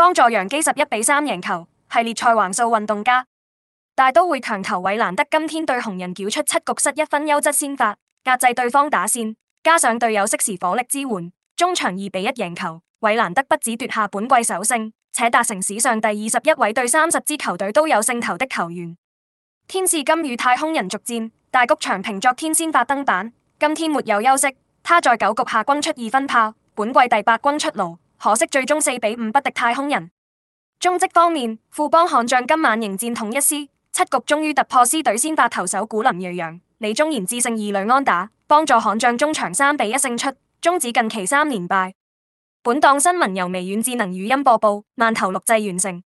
幫助洋基十一比三贏球，系列賽橫掃運動家。大都會強投韋蘭德今天對紅人繳出七局失一分優質先發，壓制對方打線，加上隊友適時火力支援，中場二比一贏球。韋蘭德不止奪下本季首勝，且達成史上第二十一位對三十支球隊都有勝投的球員。天使今與太空人續戰，大谷翔平昨天先發登板，今天沒有休息，他在九局下轟出二分炮，本季第八轟出爐。可惜最終四比五不敵太空人。中職方面，富邦悍將今晚迎戰統一獅，七局終於突破獅隊先發投手古林睿揚，李宗賢致勝二壘安打，幫助悍將中場三比一勝出，終止近期三連敗。本檔新聞由微軟智能語音播報，慢投錄製完成。